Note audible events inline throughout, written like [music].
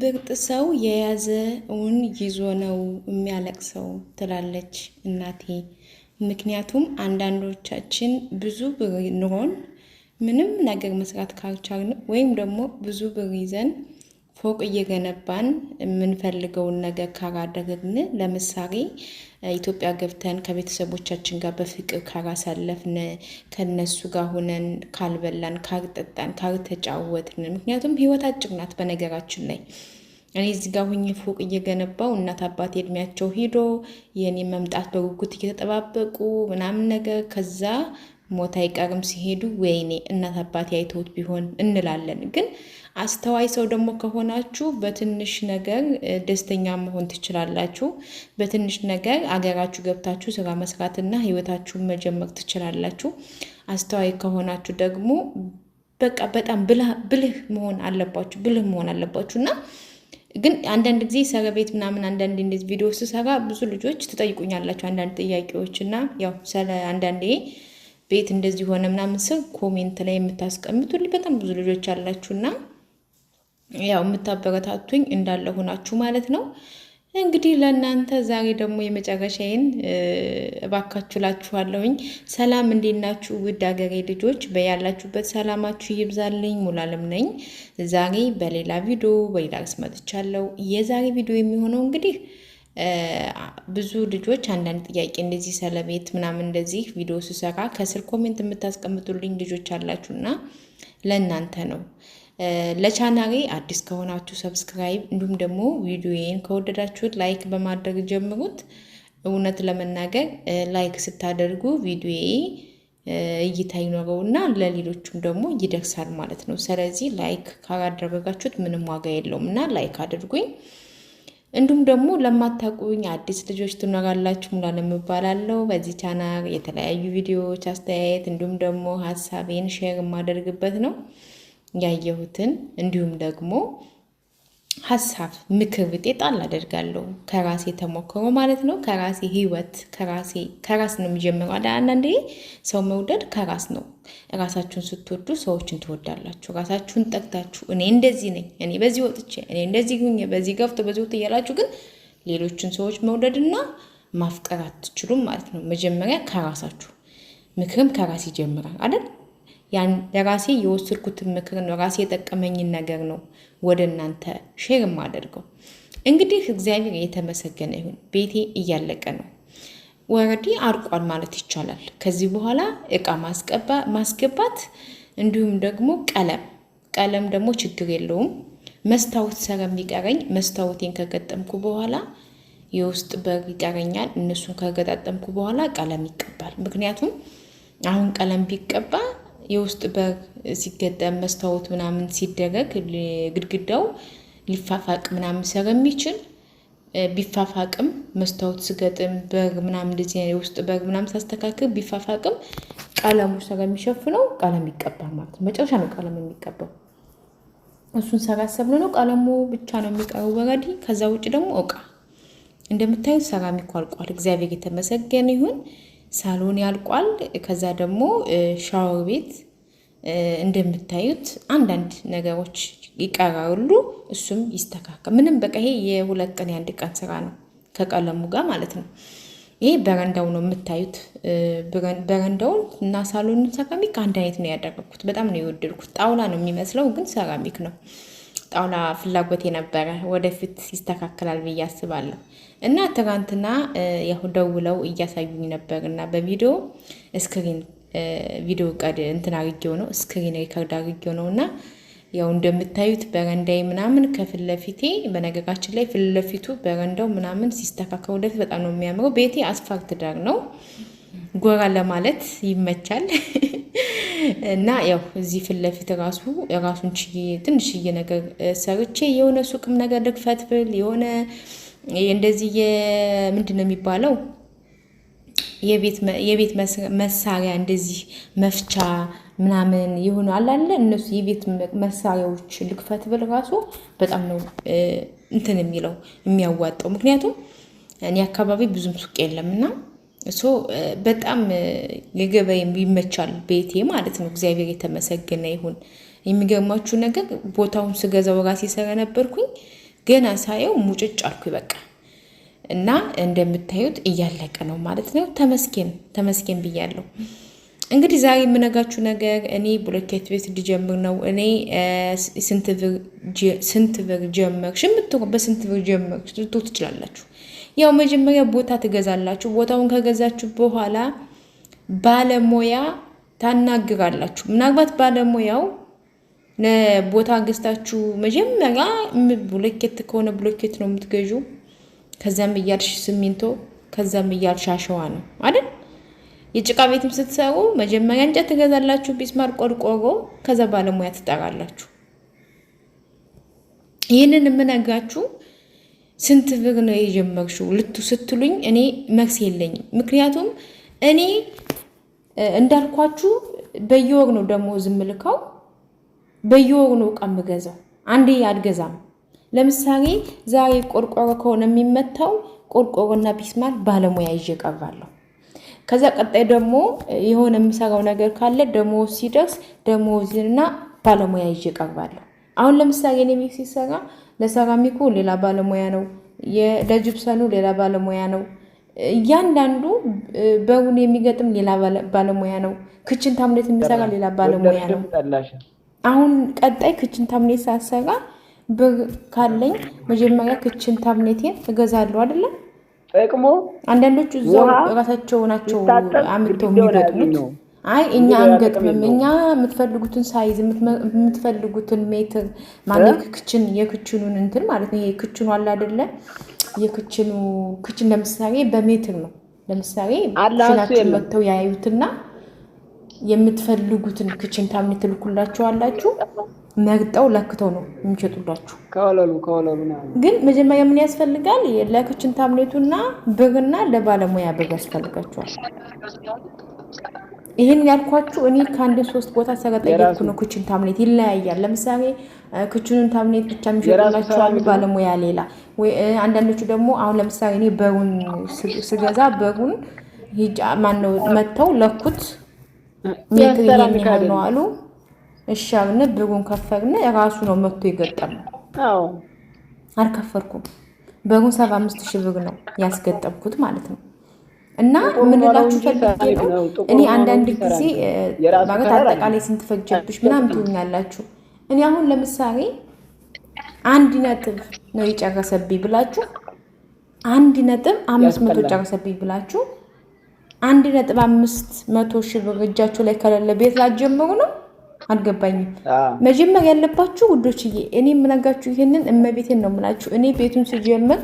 ብቅጥ ሰው የያዘውን ይዞ ነው የሚያለቅሰው ትላለች እናቴ። ምክንያቱም አንዳንዶቻችን ብዙ ብር ኑሮን ምንም ነገር መስራት ካልቻልን ወይም ደግሞ ብዙ ብር ይዘን ፎቅ እየገነባን የምንፈልገውን ነገር ካላደረግን፣ ለምሳሌ ኢትዮጵያ ገብተን ከቤተሰቦቻችን ጋር በፍቅር ካላሳለፍን፣ ከነሱ ጋር ሁነን ካልበላን፣ ካልጠጣን፣ ካልተጫወትን፣ ምክንያቱም ህይወት አጭር ናት። በነገራችን ላይ እኔ እዚህ ጋር ሁኜ ፎቅ እየገነባው እናት አባት እድሜያቸው ሂዶ የእኔ መምጣት በጉጉት እየተጠባበቁ ምናምን ነገር ከዛ ሞት አይቀርም ሲሄዱ ወይኔ እናት አባት ያይተውት ቢሆን እንላለን። ግን አስተዋይ ሰው ደግሞ ከሆናችሁ በትንሽ ነገር ደስተኛ መሆን ትችላላችሁ። በትንሽ ነገር አገራችሁ ገብታችሁ ስራ መስራትና ህይወታችሁን መጀመር ትችላላችሁ። አስተዋይ ከሆናችሁ ደግሞ በቃ በጣም ብልህ መሆን አለባችሁ። ብልህ መሆን አለባችሁ እና ግን አንዳንድ ጊዜ ሰረ ቤት ምናምን አንዳንድ እንደዚህ ቪዲዮ ስሰራ ብዙ ልጆች ትጠይቁኛላችሁ አንዳንድ ጥያቄዎች እና ያው ሰለ አንዳንዴ ቤት እንደዚህ ሆነ ምናምን ስል ኮሜንት ላይ የምታስቀምጡልኝ በጣም ብዙ ልጆች አላችሁና ያው የምታበረታቱኝ እንዳለ ሆናችሁ ማለት ነው። እንግዲህ ለእናንተ ዛሬ ደግሞ የመጨረሻዬን እባካችሁ ሰላም እንዴት ናችሁ? ውድ አገሬ ልጆች በያላችሁበት ሰላማችሁ ይብዛልኝ። ሙሉዓለም ነኝ። ዛሬ በሌላ ቪዲዮ በሌላ ርዕስ መጥቻለሁ። የዛሬ ቪዲዮ የሚሆነው እንግዲህ ብዙ ልጆች አንዳንድ ጥያቄ እንደዚህ ሰለቤት ምናምን እንደዚህ ቪዲዮ ስሰራ ከስር ኮሜንት የምታስቀምጡልኝ ልጆች አላችሁ እና ለእናንተ ነው። ለቻናሌ አዲስ ከሆናችሁ ሰብስክራይብ፣ እንዲሁም ደግሞ ቪዲዮዬን ከወደዳችሁት ላይክ በማድረግ ጀምሩት። እውነት ለመናገር ላይክ ስታደርጉ ቪዲዮዬ እይታ ይኖረውና ለሌሎችም ደግሞ ይደርሳል ማለት ነው። ስለዚህ ላይክ ካላደረጋችሁት ምንም ዋጋ የለውም እና ላይክ አድርጉኝ። እንዲሁም ደግሞ ለማታውቁኝ አዲስ ልጆች ትኖራላችሁ ሙሉዓለም እባላለሁ። በዚህ ቻናል የተለያዩ ቪዲዮዎች፣ አስተያየት እንዲሁም ደግሞ ሀሳቤን ሼር የማደርግበት ነው ያየሁትን እንዲሁም ደግሞ ሀሳብ፣ ምክር ውጤት አላደርጋለሁ ከራሴ ተሞክሮ ማለት ነው። ከራሴ ህይወት ከራሴ ከራስ ነው የሚጀምረው። አንዳንዴ ሰው መውደድ ከራስ ነው። ራሳችሁን ስትወዱ ሰዎችን ትወዳላችሁ። ራሳችሁን ጠቅታችሁ እኔ እንደዚህ ነኝ፣ እኔ በዚህ ወጥቼ፣ እኔ እንደዚህ ሁኜ፣ በዚህ ገብቶ፣ በዚህ ወጥ እያላችሁ ግን ሌሎችን ሰዎች መውደድና ማፍቀር አትችሉም ማለት ነው። መጀመሪያ ከራሳችሁ ምክርም ከራስ ይጀምራል አይደል? ያን ለራሴ የወሰድኩትን ምክር ነው፣ ራሴ የጠቀመኝን ነገር ነው ወደ እናንተ ሼር የማደርገው። እንግዲህ እግዚአብሔር የተመሰገነ ይሁን። ቤቴ እያለቀ ነው፣ ወረዲ አድቋል ማለት ይቻላል። ከዚህ በኋላ እቃ ማስገባት እንዲሁም ደግሞ ቀለም ቀለም ደግሞ ችግር የለውም። መስታወት ሰረ የሚቀረኝ መስታወቴን ከገጠምኩ በኋላ የውስጥ በር ይቀረኛል። እነሱን ከገጣጠምኩ በኋላ ቀለም ይቀባል። ምክንያቱም አሁን ቀለም ቢቀባ የውስጥ በግ ሲገጠም መስታወት ምናምን ሲደረግ ግድግዳው ሊፋፋቅ ምናምን ስለሚችል ቢፋፋቅም መስታወት ስገጥም በግ ምናምን እንደዚህ የውስጥ በግ ምናምን ሳስተካክል ቢፋፋቅም ቀለሙ ስለሚሸፍነው ቀለም ይቀባል ማለት ነው። መጨረሻ ነው ቀለም የሚቀባው። እሱን ሰብሎ ነው ቀለሙ ብቻ ነው የሚቀረው ወረዲ። ከዛ ውጭ ደግሞ እቃ እንደምታዩት ሰራሚኩ አልቋል። እግዚአብሔር የተመሰገነ ይሁን። ሳሎን ያልቋል። ከዛ ደግሞ ሻወር ቤት እንደምታዩት አንዳንድ ነገሮች ይቀራሉ። እሱም ይስተካከል ምንም በቃ ይሄ የሁለት ቀን የአንድ ቀን ስራ ነው ከቀለሙ ጋር ማለት ነው። ይሄ በረንዳው ነው የምታዩት። በረንዳውን እና ሳሎኑን ሰራሚክ አንድ አይነት ነው ያደረግኩት። በጣም ነው የወደድኩት። ጣውላ ነው የሚመስለው፣ ግን ሰራሚክ ነው። ጣውላ ፍላጎት የነበረ ወደፊት ይስተካከላል ብዬ አስባለሁ። እና ትናንትና ያው ደውለው እያሳዩኝ ነበር እና በቪዲዮ እስክሪን ቪዲዮ ቀድ እንትን አርጌው ነው እስክሪን ሪከርድ አርጌው ነው እና ያው እንደምታዩት በረንዳይ ምናምን ከፊት ለፊቴ በነገራችን ላይ ፊት ለፊቱ በረንዳው ምናምን ሲስተካከል ወደፊት በጣም ነው የሚያምረው። ቤቴ አስፋልት ዳር ነው፣ ጎራ ለማለት ይመቻል [laughs] እና ያው እዚህ ፊት ለፊት ራሱ ራሱን ችዬ ትንሽዬ ነገር ሰርቼ የሆነ ሱቅም ነገር ልክፈት ብል የሆነ እንደዚህ ምንድን ነው የሚባለው የቤት መሳሪያ እንደዚህ መፍቻ ምናምን የሆኑ አላለ እነሱ የቤት መሳሪያዎች ልክፈት ብል ራሱ በጣም ነው እንትን የሚለው የሚያዋጣው። ምክንያቱም እኔ አካባቢ ብዙም ሱቅ የለም እና እሱ በጣም የገበያም ይመቻል ቤቴ ማለት ነው። እግዚአብሔር የተመሰገነ ይሁን። የሚገርማችሁ ነገር ቦታውን ስገዛው ራሴ ሰረ ነበርኩኝ። ገና ሳየው ሙጭጭ አልኩ። በቃ እና እንደምታዩት እያለቀ ነው ማለት ነው። ተመስገን ተመስገን ብያለሁ። እንግዲህ ዛሬ የምነጋችሁ ነገር እኔ ብሎኬት ቤት ልጀምር ነው። እኔ ስንት ብር ጀመርሽ የምትሮ በስንት ብር ጀመርሽ ልትሩ ትችላላችሁ። ያው መጀመሪያ ቦታ ትገዛላችሁ። ቦታውን ከገዛችሁ በኋላ ባለሙያ ታናግራላችሁ። ምናልባት ባለሙያው ቦታ ገዝታችሁ መጀመሪያ ብሎኬት ከሆነ ብሎኬት ነው የምትገዡ። ከዛም እያልሽ ሲሚንቶ፣ ከዛም እያልሽ አሸዋ ነው አይደል? የጭቃ ቤትም ስትሰሩ መጀመሪያ እንጨት ትገዛላችሁ፣ ቢስማር፣ ቆርቆሮ፣ ከዛ ባለሙያ ትጠራላችሁ። ይህንን የምነግራችሁ ስንት ብር ነው የጀመርሽው ልቱ ስትሉኝ እኔ መርስ የለኝም። ምክንያቱም እኔ እንዳልኳችሁ በየወር ነው ደግሞ ዝምልከው በየወሩ ነው ዕቃ የምገዛው። አንዴ አልገዛም። ለምሳሌ ዛሬ ቆርቆሮ ከሆነ የሚመታው ቆርቆሮና ቢስማር ባለሙያ ይዤ እቀርባለሁ። ከዛ ቀጣይ ደግሞ የሆነ የምሰራው ነገር ካለ ደሞዝ ሲደርስ ደሞዝና ባለሙያ ይዤ እቀርባለሁ። አሁን ለምሳሌ ኔሚክ ሲሰራ ለሰራሚኩ ሌላ ባለሙያ ነው፣ ለጅብሰኑ ሌላ ባለሙያ ነው። እያንዳንዱ በሩን የሚገጥም ሌላ ባለሙያ ነው። ክችን ታምሌት የሚሰራ ሌላ ባለሙያ ነው። አሁን ቀጣይ ክችን ታምኔት ሳሰጋ ብር ካለኝ መጀመሪያ ክችን ታምኔቴን እገዛለሁ አይደለም። ጠቅሞ አንዳንዶቹ እዛው ራሳቸው ናቸው አምጥተው የሚገጥሙት። አይ እኛ አንገጥምም። እኛ የምትፈልጉትን ሳይዝ የምትፈልጉትን ሜትር ማለት ክችን የክችኑን እንትን ማለት ነው። ይሄ ክችኑ አለ አይደለ? የክችኑ ክችን ለምሳሌ በሜትር ነው። ለምሳሌ ሽናችን መጥተው ያዩትና የምትፈልጉትን ክችን ታምን አላችሁ መርጠው ለክተው ነው የሚሸጡላችሁ። ግን መጀመሪያ ምን ያስፈልጋል? ለክችን ታምኔቱና ብርና ለባለሙያ ብር ያስፈልጋችኋል። ይህን ያልኳችሁ እኔ ከአንድ ሶስት ቦታ ሰረጠየኩ ነው። ክችን ታምኔት ይለያያል። ለምሳሌ ክችኑን ታምኔት ብቻ የሚሸጡላችኋል፣ ባለሙያ ሌላ። አንዳንዶቹ ደግሞ አሁን ለምሳሌ እኔ በሩን ስገዛ በሩን ማነው መጥተው ለኩት ይህን ነው አሉ። እሺ አብነ በጉን ከፈግነ ራሱ ነው መቶ የገጠመው። አዎ አልከፈልኩም። በጉን ሰባ አምስት ሺህ ብር ነው ያስገጠምኩት ማለት ነው። እና ምንላችሁ ፈልጌ ነው እኔ አንዳንድ ጊዜ ማለት አጠቃላይ ስንት ፈጀብሽ ምናምን ትሆኛላችሁ። እኔ አሁን ለምሳሌ አንድ ነጥብ ነው የጨረሰብኝ ብላችሁ አንድ ነጥብ አምስት መቶ ጨረሰብኝ ብላችሁ አንድ ነጥብ አምስት መቶ ሺ ብር እጃችሁ ላይ ከሌለ ቤት ላጀምሩ ነው። አልገባኝም። መጀመር ያለባችሁ ውዶችዬ፣ እኔ የምነጋችሁ ይህንን እመቤቴን ነው የምላችሁ። እኔ ቤቱን ስጀምር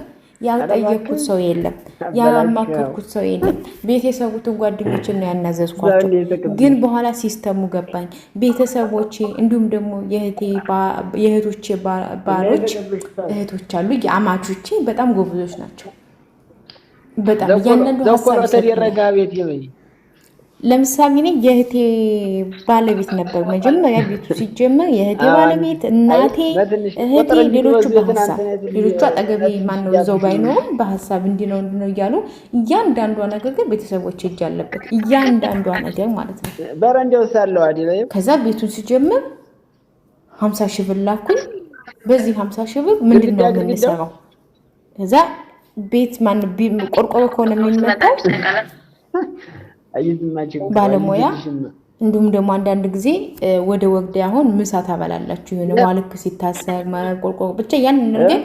ያልጠየኩት ሰው የለም፣ ያላማከርኩት ሰው የለም። ቤት የሰሩትን ጓደኞችን ነው ያናዘዝኳቸው። ግን በኋላ ሲስተሙ ገባኝ። ቤተሰቦቼ እንዲሁም ደግሞ የእህቶቼ ባሮች እህቶች አሉ፣ የአማቾቼ በጣም ጎብዞች ናቸው። በጣም እያንዳንዱ ለምሳሌ እኔ የእህቴ ባለቤት ነበር መጀመሪያ ቤቱ ሲጀመር፣ የእህቴ ባለቤት እናቴ፣ እህቴ፣ ሌሎቹ በሀሳብ ሌሎቹ አጠገቤ ማነው እዛው ባይኖሩም በሀሳብ እንዲነው ነው እያሉ እያንዳንዷ ነገር ግን ቤተሰቦች እጅ አለበት እያንዳንዷ ነገር ማለት ነው። ከዛ ቤቱን ሲጀምር ሀምሳ ሺህ ብር ላኩኝ። በዚህ ሀምሳ ሺህ ብር ምንድን ነው የምንሰራው? ከዛ ቤት ማን ቆርቆሮ ከሆነ የሚመጣው ባለሙያ እንዲሁም ደግሞ አንዳንድ ጊዜ ወደ ወግዴ አሁን ምሳ ታበላላችሁ። የሆነ ማልክ ሲታሰር ቆርቆሮ ብቻ ያን ግን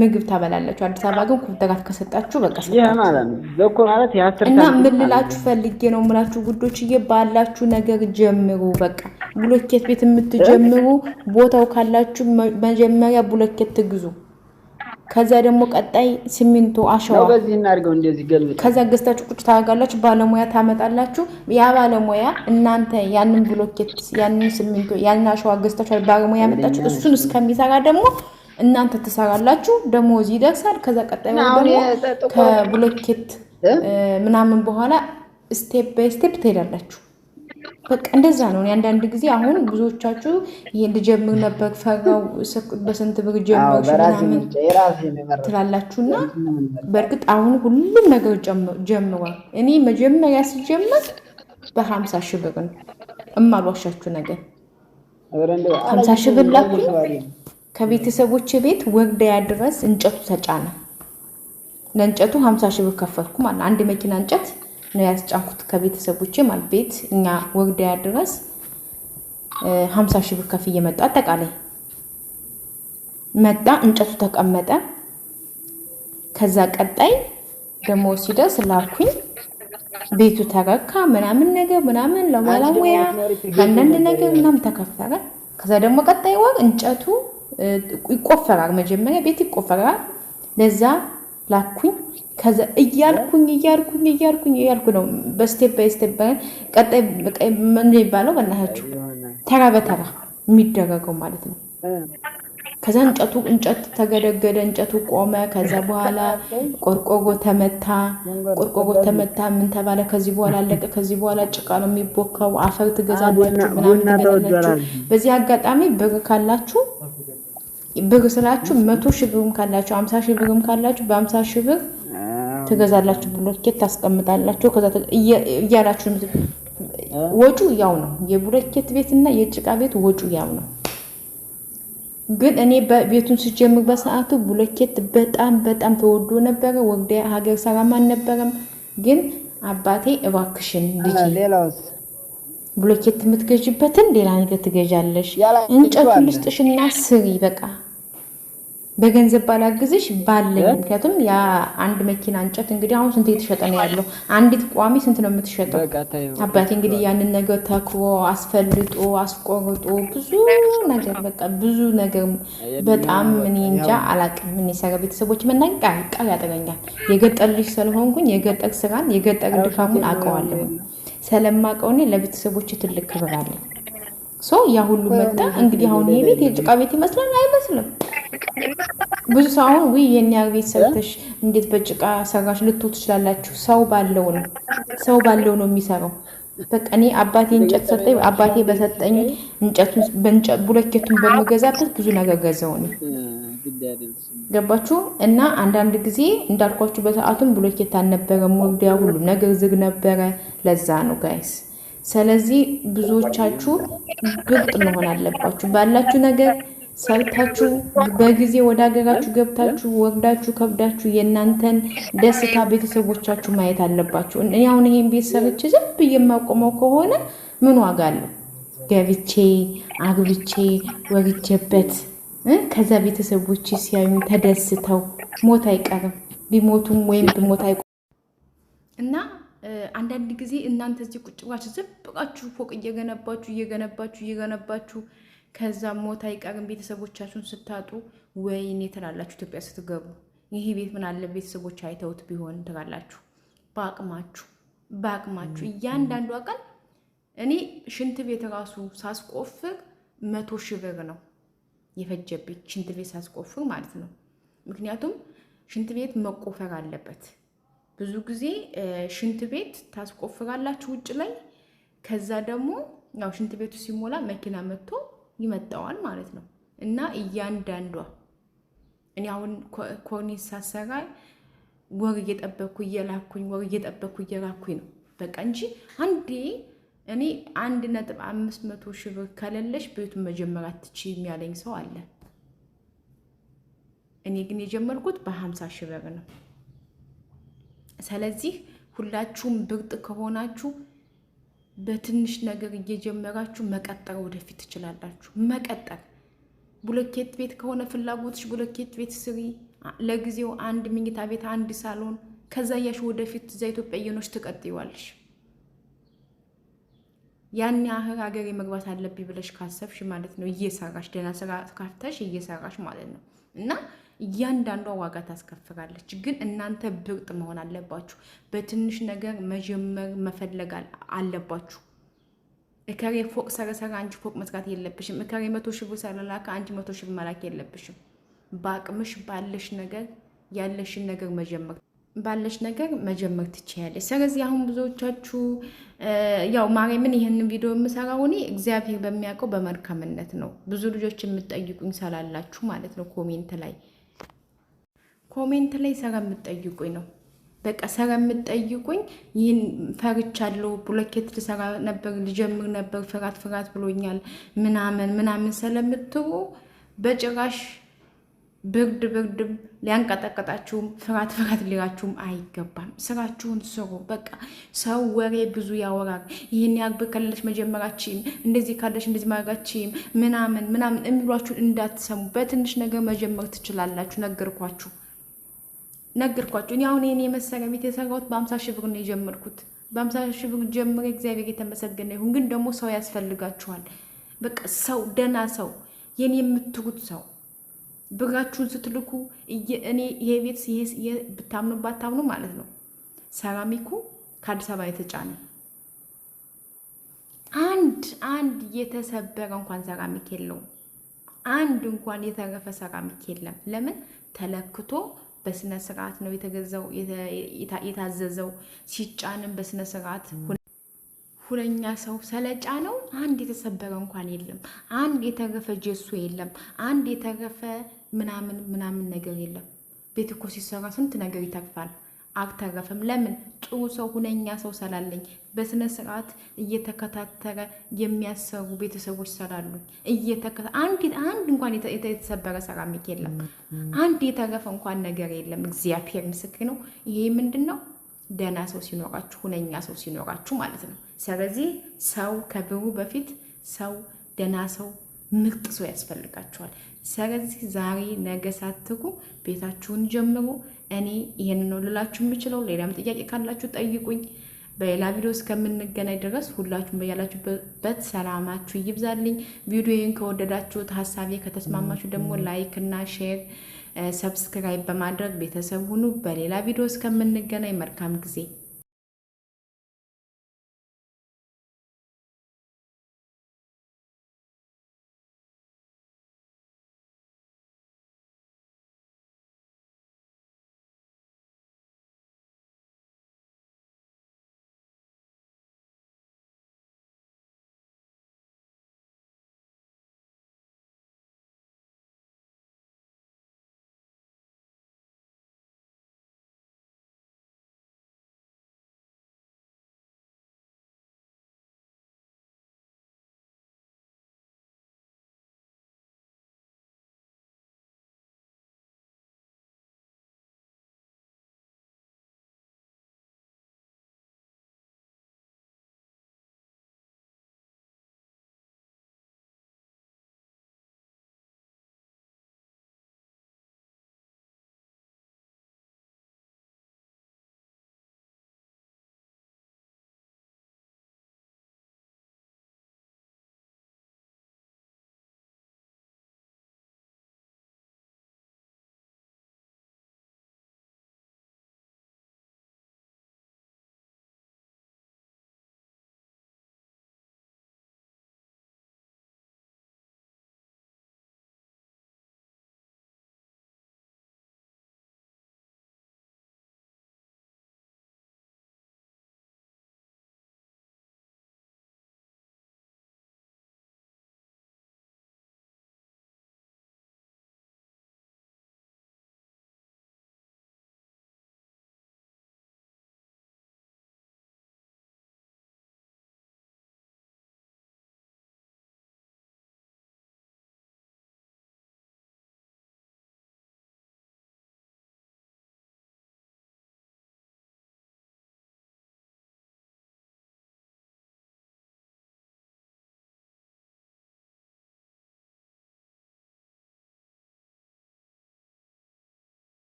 ምግብ ታበላላችሁ። አዲስ አበባ ግን ኩብተጋት ከሰጣችሁ በቃ እና ፈልጌ ነው ምላችሁ ጉዶችዬ፣ ባላችሁ ነገር ጀምሩ። በቃ ብሎኬት ቤት የምትጀምሩ ቦታው ካላችሁ መጀመሪያ ብሎኬት ትግዙ። ከዛ ደግሞ ቀጣይ ሲሚንቶ አሸዋ ከዛ ገዝታችሁ ቁጭ ታደርጋላችሁ። ባለሙያ ታመጣላችሁ። ያ ባለሙያ እናንተ ያንን ብሎኬት፣ ያንን ሲሚንቶ፣ ያንን አሸዋ ገዝታችሁ ባለሙያ ያመጣችሁ እሱን እስከሚሰራ ደግሞ እናንተ ትሰራላችሁ። እዚህ ይደርሳል። ከዛ ቀጣይ ደግሞ ከብሎኬት ምናምን በኋላ ስቴፕ ባይ ስቴፕ ትሄዳላችሁ። በቃ እንደዛ ነው። አንዳንድ ጊዜ አሁን ብዙዎቻችሁ ልጀምር ነበር ፈራው በስንት ብር ጀመርሽ ትላላችሁና በእርግጥ አሁን ሁሉም ነገር ጀምሯል። እኔ መጀመሪያ ሲጀመር በሀምሳ ሺህ ብር ነው እማሏሻችሁ ነገር ሀምሳ ሺህ ብር ላኩ ከቤተሰቦች ቤት ወርዳያ ድረስ እንጨቱ ተጫነ። ለእንጨቱ ሀምሳ ሺህ ብር ከፈልኩ ማለት አንድ መኪና እንጨት ነው ያስጫንኩት ከቤተሰቦች ማለት ቤት እኛ ወግዳያ ድረስ ሀምሳ ሺህ ብር ከፍ እየመጣ አጠቃላይ መጣ፣ እንጨቱ ተቀመጠ። ከዛ ቀጣይ ደግሞ ሲደርስ ላኩኝ። ቤቱ ተረካ ምናምን ነገር ምናምን ለባለሙያ አንዳንድ ነገር ምናምን ተከፈረ። ከዛ ደግሞ ቀጣይ ወር እንጨቱ ይቆፈራል። መጀመሪያ ቤት ይቆፈራል። ለዛ ላኩኝ ከዛ እያልኩኝ እያልኩኝ እያልኩኝ እያልኩ ነው በስቴፕ ባይ ስቴፕ ቀጣይ ምን የሚባለው በናያችሁ ተራ በተራ የሚደረገው ማለት ነው። ከዛ እንጨቱ እንጨት ተገደገደ፣ እንጨቱ ቆመ። ከዛ በኋላ ቆርቆጎ ተመታ፣ ቆርቆጎ ተመታ። ምን ተባለ? ከዚህ በኋላ አለቀ። ከዚህ በኋላ ጭቃ ነው የሚቦካው። አፈር ትገዛላችሁ፣ ምናምን በዚህ አጋጣሚ ብር ካላችሁ ብር ስላችሁ መቶ ሺህ ብርም ካላችሁ አምሳ ሺህ ብርም ካላችሁ በአምሳ ሺህ ብር ትገዛላችሁ፣ ብሎኬት ታስቀምጣላችሁ፣ ከዛ እያላችሁ ወጩ ያው ነው። የብሎኬት ቤትና የጭቃ ቤት ወጩ ያው ነው። ግን እኔ ቤቱን ስጀምር በሰዓቱ ብሎኬት በጣም በጣም ተወዶ ነበረ። ወደ ሀገር ሰላም አልነበረም። ግን አባቴ እባክሽን ልጅ ብሎኬት የምትገዥበትን ሌላ ነገር ትገዣለሽ፣ እንጨቱን ልስጥሽና ስሪ በቃ በገንዘብ ባላግዝሽ ባለኝ። ምክንያቱም ያ አንድ መኪና እንጨት እንግዲህ አሁን ስንት እየተሸጠ ነው ያለው? አንዲት ቋሚ ስንት ነው የምትሸጠው? አባቴ እንግዲህ ያንን ነገር ተክቦ አስፈልጦ አስቆርጦ ብዙ ነገር በቃ ብዙ ነገር በጣም ምን እንጃ አላቅም። ምን ይሰራ ቤተሰቦች መናቅ ቃል ያጠገኛል። የገጠር ልጅ ስለሆንኩኝ የገጠር ስራን የገጠር ድካሙን አውቀዋለሁ። ስለማውቀው እኔ ለቤተሰቦች ትልቅ ክብር አለ። ያ ሁሉ መጣ እንግዲህ አሁን ይሄ ቤት የጭቃ ቤት ይመስላል አይመስልም? ብዙ ሰው አሁን ውይ የኔ እንዴት በጭቃ ሰራሽ ልትው ትችላላችሁ። ሰው ባለው ነው ሰው ባለው ነው የሚሰራው። በቃ እኔ አባቴ እንጨት ሰጠኝ። አባቴ በሰጠኝ እንጨቱን ብሎኬቱን በምገዛበት ብዙ ነገር ገዛው ነው ገባችሁ። እና አንዳንድ ጊዜ እንዳልኳችሁ በሰዓቱም ብሎኬት አልነበረም፣ ወዲያ ሁሉም ነገር ዝግ ነበረ። ለዛ ነው ጋይስ። ስለዚህ ብዙዎቻችሁ ብልጥ መሆን አለባችሁ ባላችሁ ነገር ሰርታችሁ በጊዜ ወደ ሀገራችሁ ገብታችሁ ወርዳችሁ ከብዳችሁ የእናንተን ደስታ ቤተሰቦቻችሁ ማየት አለባችሁ። እኔ አሁን ይሄን ቤት ሰርቼ ዝም ብዬ የማቆመው ከሆነ ምን ዋጋ አለው? ገብቼ አግብቼ ወርጄበት ከዛ ቤተሰቦች ሲያዩ ተደስተው ሞት አይቀርም ቢሞቱም ወይም ቢሞት አይቆ- እና አንዳንድ ጊዜ እናንተ እዚህ ቁጭ ብላችሁ ዝም ብላችሁ ፎቅ እየገነባችሁ እየገነባችሁ እየገነባችሁ ከዛ ሞት አይቀርም ቤተሰቦቻችሁን ስታጡ ወይኔ ትላላችሁ። ኢትዮጵያ ስትገቡ ይህ ቤት ምን አለ ቤተሰቦች አይተውት ቢሆን ትላላችሁ። በአቅማችሁ በአቅማችሁ እያንዳንዷ ቀን እኔ ሽንት ቤት ራሱ ሳስቆፍር መቶ ሺህ ብር ነው የፈጀብኝ ሽንት ቤት ሳስቆፍር ማለት ነው። ምክንያቱም ሽንት ቤት መቆፈር አለበት። ብዙ ጊዜ ሽንት ቤት ታስቆፍራላችሁ ውጭ ላይ። ከዛ ደግሞ ያው ሽንት ቤቱ ሲሞላ መኪና መጥቶ ይመጣዋል ማለት ነው። እና እያንዳንዷ እኔ አሁን ኮርኒስ ሳሰራ ወር እየጠበኩ እየላኩኝ ወር እየጠበኩ እየላኩኝ ነው በቃ እንጂ አንዴ እኔ አንድ ነጥብ አምስት መቶ ሺህ ብር ከሌለሽ ቤቱን መጀመር አትችይም ያለኝ ሰው አለ። እኔ ግን የጀመርኩት በሀምሳ ሺህ ብር ነው። ስለዚህ ሁላችሁም ብርጥ ከሆናችሁ በትንሽ ነገር እየጀመራችሁ መቀጠር ወደፊት ትችላላችሁ። መቀጠር ብሎኬት ቤት ከሆነ ፍላጎትሽ ብሎኬት ቤት ስሪ። ለጊዜው አንድ መኝታ ቤት፣ አንድ ሳሎን፣ ከዛ ያሽ ወደፊት እዛ ኢትዮጵያ እየኖች ትቀጥይዋለሽ። ያን ያህል ሀገር መግባት አለብኝ ብለሽ ካሰብሽ ማለት ነው እየሰራሽ ደህና ስራ ካፍተሽ እየሰራሽ ማለት ነው እና እያንዳንዷ ዋጋ ታስከፍላለች። ግን እናንተ ብርጥ መሆን አለባችሁ። በትንሽ ነገር መጀመር መፈለግ አለባችሁ። እከሬ ፎቅ ሰረሰረ፣ አንቺ ፎቅ መስራት የለብሽም። እከሬ መቶ ሺህ ብር ሰለላከ፣ አንቺ መቶ ሺህ ብር መላክ የለብሽም። በአቅምሽ ባለሽ ነገር ያለሽን ነገር መጀመር ባለሽ ነገር መጀመር ትችያለሽ። ስለዚህ አሁን ብዙዎቻችሁ ያው ማርያምን ይህንን ቪዲዮ የምሰራው እኔ እግዚአብሔር በሚያውቀው በመልካምነት ነው። ብዙ ልጆች የምትጠይቁኝ ሰላላችሁ ማለት ነው ኮሜንት ላይ ኮሜንት ላይ ሰራ የምትጠይቁኝ ነው። በቃ ሰራ የምትጠይቁኝ ይህን ፈርቻለሁ። ብሎኬት ልሰራ ነበር ልጀምር ነበር ፍራት ፍራት ብሎኛል ምናምን ምናምን ስለምትሩ በጭራሽ ብርድ ብርድም ሊያንቀጠቀጣችሁም ፍራት ፍራት ሊራችሁም አይገባም። ስራችሁን ስሩ። በቃ ሰው ወሬ ብዙ ያወራል። ይህን ያርብ ከለሽ መጀመራችም እንደዚህ ካለች እንደዚህ ማድረጋችም ምናምን ምናምን የሚሏችሁን እንዳትሰሙ። በትንሽ ነገር መጀመር ትችላላችሁ። ነገርኳችሁ። ነገርኳቸው። እኔ አሁን የኔ መሰሪያ ቤት የሰራሁት በአምሳ ሺህ ብር ነው የጀመርኩት። በአምሳ ሺህ ብር ጀምሬ እግዚአብሔር የተመሰገነ ይሁን። ግን ደግሞ ሰው ያስፈልጋችኋል። በቃ ሰው፣ ደህና ሰው፣ የኔ የምትሩት ሰው ብራችሁን ስትልኩ እኔ ይሄ ቤት ብታምኑ ባታምኑ ማለት ነው ሰራሚኩ ከአዲስ አበባ የተጫነ አንድ አንድ የተሰበረ እንኳን ሰራሚክ የለውም። አንድ እንኳን የተረፈ ሰራሚክ የለም። ለምን ተለክቶ በስነ ስርዓት ነው የተገዛው የታዘዘው። ሲጫንም በስነ ስርዓት ሁለኛ ሰው ሰለጫ ነው። አንድ የተሰበረ እንኳን የለም። አንድ የተረፈ ጀሶ የለም። አንድ የተረፈ ምናምን ምናምን ነገር የለም። ቤት እኮ ሲሰራ ስንት ነገር ይተርፋል። አልተረፈም። ለምን ጥሩ ሰው ሁነኛ ሰው ስላለኝ በስነ ስርዓት እየተከታተረ የሚያሰሩ ቤተሰቦች ስላሉኝ አንድ እንኳን የተሰበረ ሰራሚክ የለም። አንድ የተረፈ እንኳን ነገር የለም። እግዚአብሔር ምስክር ነው። ይሄ ምንድን ነው? ደህና ሰው ሲኖራችሁ፣ ሁነኛ ሰው ሲኖራችሁ ማለት ነው። ስለዚህ ሰው ከብሩ በፊት ሰው፣ ደህና ሰው፣ ምርጥ ሰው ያስፈልጋችኋል። ስለዚህ ዛሬ ነገ ሳትኩ ቤታችሁን ጀምሩ። እኔ ይህንን ነው ልላችሁ የምችለው። ሌላም ጥያቄ ካላችሁ ጠይቁኝ። በሌላ ቪዲዮ እስከምንገናኝ ድረስ ሁላችሁም በያላችሁበት ሰላማችሁ ይብዛልኝ። ቪዲዮን ከወደዳችሁት፣ ሀሳቤ ከተስማማችሁ ደግሞ ላይክ እና ሼር፣ ሰብስክራይብ በማድረግ ቤተሰብ ሁኑ። በሌላ ቪዲዮ እስከምንገናኝ መልካም ጊዜ